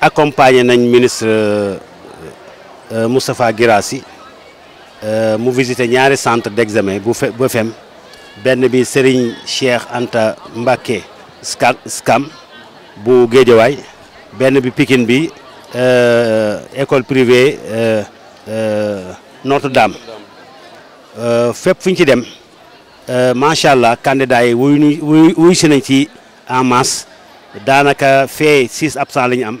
accompagné nañ ministre euh, euh, Moustapha Guirassy euh, mu visité ñaari centre d'examen bu bu FEM benn bi Serigne Cheikh Anta Mbacké ska SCAM bu Géejawaay benn bi Pikine bi école privée Notre-Dame fépp fu ci dem macha allah candidat yi wuy si nañ ci en masse daanaka fee six absents la ñu am.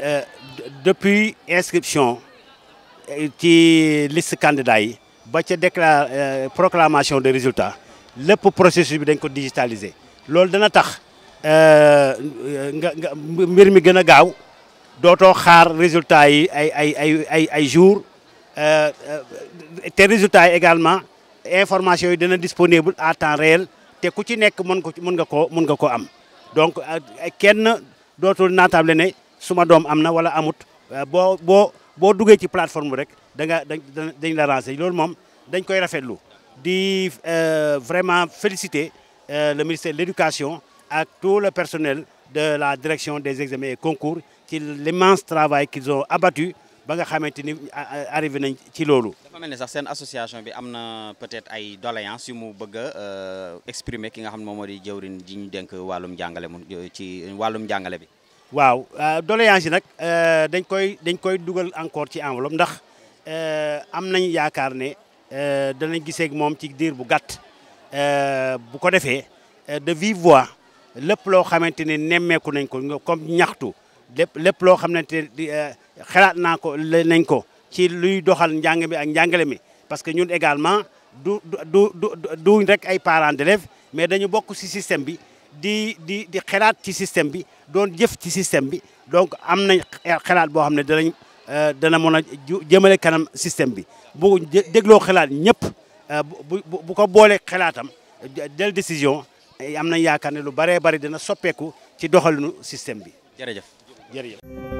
Euh, depuis inscription euh, ci liste candidat ba ca euh, proclamation de résultats, le processus bi dañ ko digitaliser loolu dana tax nga nga mbir mi gën a xaar résultat yi ay ay ay ay jours te résultat yi également information yi dana disponible à temps réel té ku ci nek mën ko mën nga ko mën nga ko am donc kenn doto natable né suma dom amna wala amut euh, bo bo boo duggee ci plateforme rek da nga dañ la ranger loolu mom dañ koy rafetlu di euh, vraiment féliciter euh, le ministère de l'éducation ak tout le personnel de la direction des examens et concours ci l'immense travail qu'ils ont abattu ba nga xamante ni arrivé nañ ci lolu dafa mel ni sax sen association bi amna peut-être ay doléances yu mu bëgg euh exprimer ki nga xam mom modi moo di jëwriñ ji ñu dénk wàllum mu ci walum jàngale bi. waaw euh, doléance yi nag euh, dañ koy dañ koy dugal encore ci enveloppe ndax euh, am nañ yaakaar ne danañ giseeg moom ci diir bu gàtt bu ko defee de vive voix lépp loo xamante ne nemmeeku nañ ko comme ñaxtu lépp lépp loo xamante ne xalaat naa ko nañ ko ci luy doxal njàng mi ak njàngale mi parce que ñun également du du du duñ rek ay parents d'élèves mais dañu bokk si système bi di di di xalaat ci système bi doon jëf ci système bi donc am nañ xalaat boo xam ne danañ euh, dana mën a jëmale kanam système bi bu dégloo xalaat ñëpp euh, bu bu ko boolee xalaatam del décision am nañ yaakaar ne lu bëree bëri dana soppeeku ci doxalinu système bi jërëjëf jërëjëf